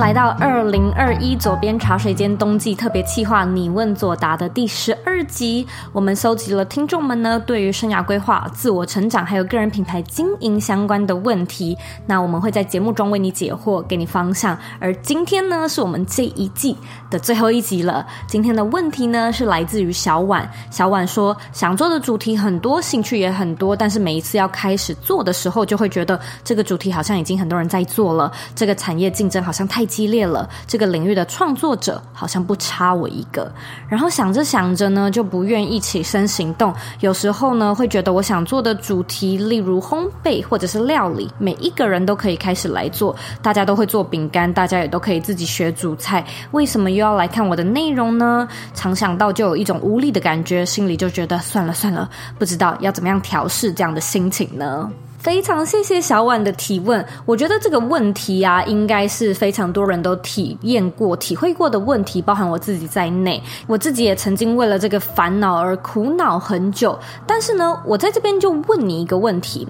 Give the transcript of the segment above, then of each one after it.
來到二零二一，佐編茶水間冬季特別企劃，你問佐答的第十二集，我們搜集了聽眾們呢對於生涯規劃、自我成長還有個人品牌經營相關的問題。那我們會在節目中為你解惑，給你方向。而今天呢，是我們這一季的最後一集了。今天的問題呢，是來自於小婉。小婉說，想做的主題很多，興趣也很多，但是每一次要開始做的時候，就會覺得這個主題好像已經很多人在做了，這個產業競爭好像太激烈了，這個領域的創作者好像不差我一個。然後想着想着呢，就不願意起身行動。有時候呢，會覺得我想做的主題，例如烘焙或者是料理，每一個人都可以開始來做。大家都會做餅乾，大家也都可以自己學煮菜。為什麼又要來看我的內容呢？常想到就有一種無力的感覺，心裡就覺得算了算了，不知道要怎麼樣調適這樣的心情呢？非常謝謝小婉的提問，我覺得這個問題啊，應該是非常多人都體驗過、體會過的問題，包含我自己在內，我自己也曾經為了這個煩惱而苦惱很久。但是呢，我在這邊就問你一個問題：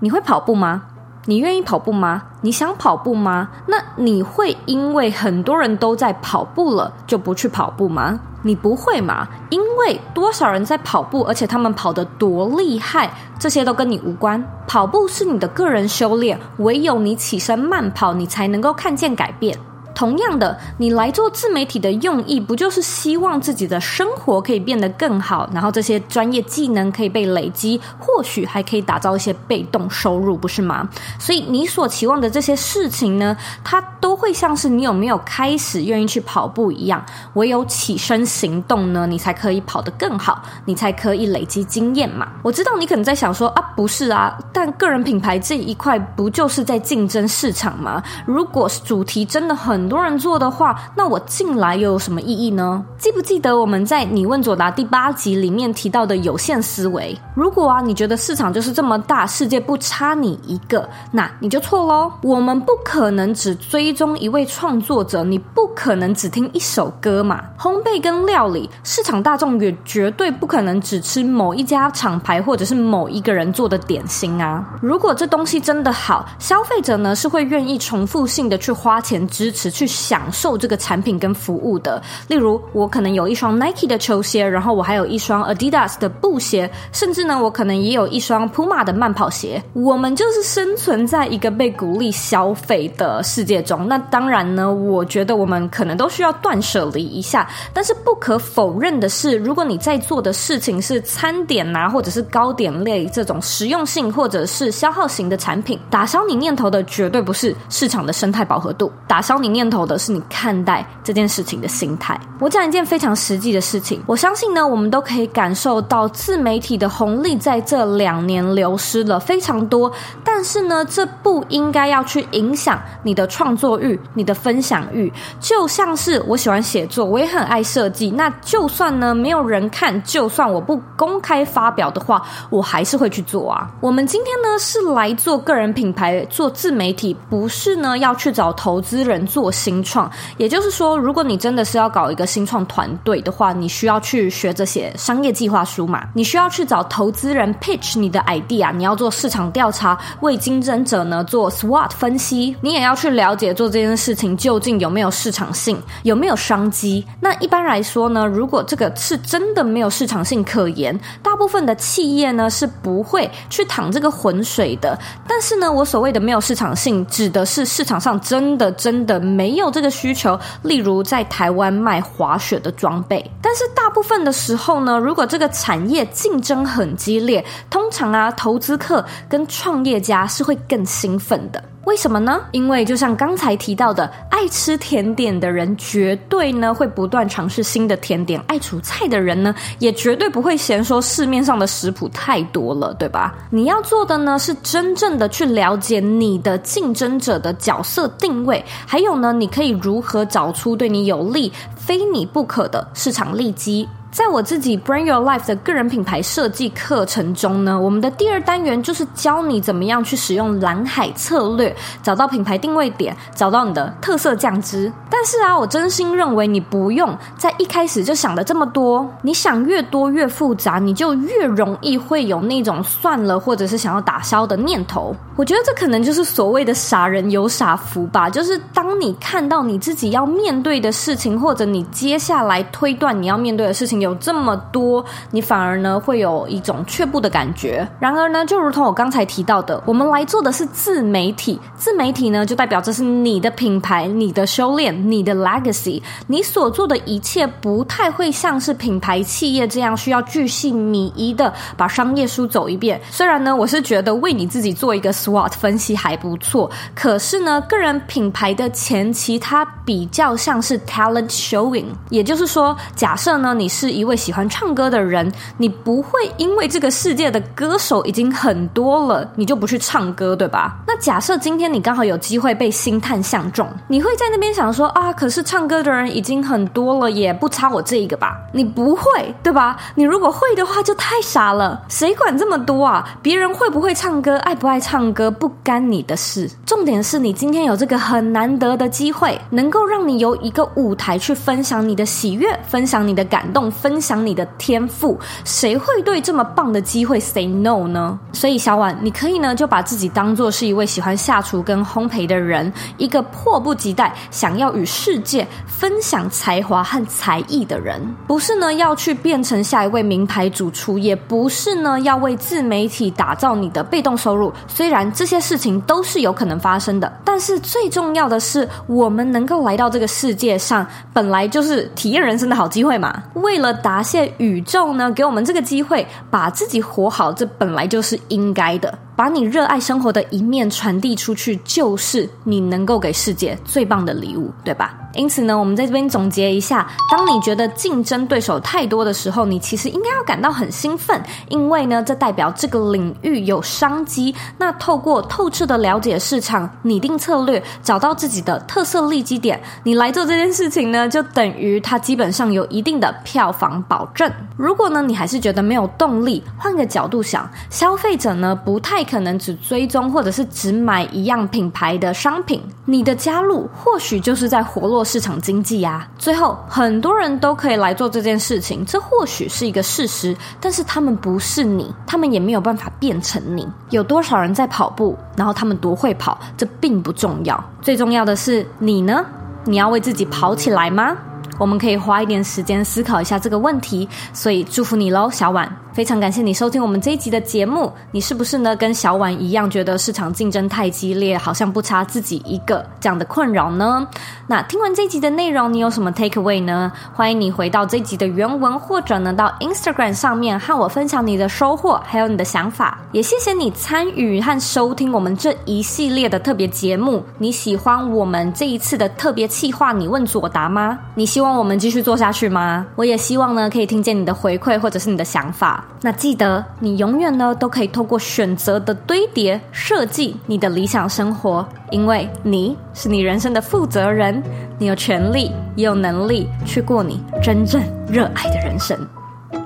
你會跑步嗎？你願意跑步嗎？你想跑步嗎？那你會因為很多人都在跑步了，就不去跑步嗎？你不會嗎？因為多少人在跑步，而且他們跑得多厲害，這些都跟你無關。跑步是你的個人修煉，唯有你起身慢跑，你才能夠看見改變。同樣的，你來做自媒體的用意，不就是希望自己的生活可以變得更好，然後這些專業技能可以被累積，或許還可以打造一些被動收入，不是嗎？所以你所期望的這些事情呢，它都會像是你有沒有開始願意去跑步一樣，唯有起身行動呢，你才可以跑得更好，你才可以累積經驗嘛。我知道你可能在想說啊，不是啊，但個人品牌這一塊不就是在競爭市場嗎？如果主題真的很很多人做的話，那我進來又有什麼意義呢？記不記得我們在《你問佐答》第八集裡面提到的有限思維？如果啊，你覺得市場就是這麼大，世界不差你一個，那你就錯嘍。我們不可能只追蹤一位創作者，你不可能只聽一首歌嘛。烘焙跟料理市場大眾也絕對不可能只吃某一家廠牌或者是某一個人做的點心啊。如果這東西真的好，消費者呢，是會願意重複性的去花錢支持。去享受這個產品跟服務的，例如我可能有一雙 Nike 的球鞋，然後我還有一雙 Adidas 的布鞋，甚至呢，我可能也有一雙 Puma 的慢跑鞋。我們就是生存在一個被鼓勵消費的世界中。那當然呢，我覺得我們可能都需要斷捨離一下。但是不可否認的是，如果你在做的事情是餐點啊，或者是糕點類這種實用性或者是消耗型的產品，打消你念頭的絕對不是市場的生態飽和度，打消你念。念頭的是你看待這件事情的心態。我講一件非常實際的事情，我相信呢，我們都可以感受到自媒體的紅利在這兩年流失了非常多。但是呢，這不應該要去影響你的創作慾、你的分享慾。就像是我喜歡寫作，我也很愛設計，那就算呢，沒有人看，就算我不公開發表的話，我還是會去做啊。我們今天呢是來做個人品牌、做自媒體，不是呢要去找投資人做新創，也就是說，如果你真的是要搞一個新創團隊的話，你需要去學這些商業計劃書嘛？你需要去找投資人 pitch 你的 idea，你要做市場調查，為競爭者呢做 SWOT 分析，你也要去了解做這件事情究竟有沒有市場性，有沒有商機。那一般來說呢，如果這個是真的沒有市場性可言，大部分的企業呢是不會去淌這個渾水的。但是呢，我所謂的沒有市場性，指的是市場上真的真的。沒有這個需求，例如在台灣賣滑雪的裝備。但是大部分的時候呢，如果這個產業競爭很激烈，通常啊，投資客跟創業家是會更興奮的。為什麼呢？因為就像剛才提到的，愛吃甜點的人絕對呢會不斷嘗試新的甜點，愛煮菜的人呢也絕對不會嫌說市面上的食譜太多了，對吧？你要做的呢是真正的去了解你的競爭者的角色定位，還有呢你可以如何找出對你有利、非你不可的市場利基。在我自己 Bring Your Life 的個人品牌設計課程中呢，我們的第二單元就是教你怎麼樣去使用藍海策略，找到品牌定位點，找到你的特色醬汁。但是啊，我真心認為你不用在一開始就想的這麼多，你想越多越複雜，你就越容易會有那種算了，或者是想要打消的念頭。我覺得這可能就是所謂的傻人有傻福吧，就是當你看到你自己要面對的事情，或者你接下來推斷你要面對的事情。有這麼多，你反而呢會有一種卻步的感覺。然而呢，就如同我剛才提到的，我們來做的是自媒體，自媒體呢就代表這是你的品牌、你的修煉、你的 legacy。你所做的一切不太會像是品牌企業這樣需要鉅細靡遺的把商業書走一遍。雖然呢，我是覺得為你自己做一個 SWOT 分析還不錯，可是呢，個人品牌的前期它比較像是 talent showing，也就是說，假設呢你是。一位喜歡唱歌的人，你不會因為這個世界的歌手已經很多了，你就不去唱歌，對吧？那假設今天你剛好有機會被星探相中，你會在那邊想說啊，可是唱歌的人已經很多了，也不差我這一個吧？你不會，對吧？你如果會的話，就太傻了。誰管這麼多啊？別人會不會唱歌，愛不愛唱歌，不干你的事。重點是你今天有這個很難得的機會，能夠讓你由一個舞台去分享你的喜悅，分享你的感動。分享你的天賦，誰會對這麼棒的機會 say no 呢？所以小婉，你可以呢，就把自己當做是一位喜歡下廚跟烘焙的人，一個迫不及待想要與世界分享才華和才藝的人，不是呢要去變成下一位名牌主廚，也不是呢要為自媒體打造你的被動收入。雖然這些事情都是有可能發生的，但是最重要的是，我們能夠來到這個世界上，本來就是體驗人生的好機會嘛。為了答謝宇宙呢，給我們這個機會，把自己活好，這本來就是應該的。把你熱愛生活的一面傳遞出去，就是你能夠給世界最棒的禮物，對吧？因此呢，我們在這邊總結一下：當你覺得競爭對手太多的時候，你其實應該要感到很興奮，因為呢，這代表這個領域有商機。那透過透徹的了解市場，擬定策略，找到自己的特色利基點，你來做這件事情呢，就等於它基本上有一定的票房保證。如果呢，你還是覺得沒有動力，換個角度想，消費者呢不太，可能只追蹤或者是只買一樣品牌的商品，你的加入或許就是在活絡市場經濟啊。最後很多人都可以來做這件事情，這或許是一個事實，但是他們不是你，他們也沒有辦法變成你。有多少人在跑步，然後他們多會跑，這並不重要，最重要的是你呢？你要為自己跑起來嗎？我們可以花一點時間思考一下這個問題，所以祝福你嘍，小婉。非常感謝你收聽我們這一集的節目，你是不是呢？跟小婉一樣覺得市場競爭太激烈，好像不差自己一個這樣的困擾呢？那聽完這一集的內容，你有什麼 take away 呢？歡迎你回到這一集的原文，或者呢，到 Instagram 上面和我分享你的收穫，還有你的想法。也謝謝你參與和收聽我們這一系列的特別節目。你喜歡我們這一次的特別企劃「你問佐答」嗎？你希望我們繼續做下去嗎？我也希望呢，可以聽見你的回饋或者是你的想法。那記得，你永遠呢都可以透過選擇的堆疊設計你的理想生活，因為你是你人生的負責人，你有權利也有能力去過你真正熱愛的人生。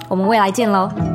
我們未來見嘍。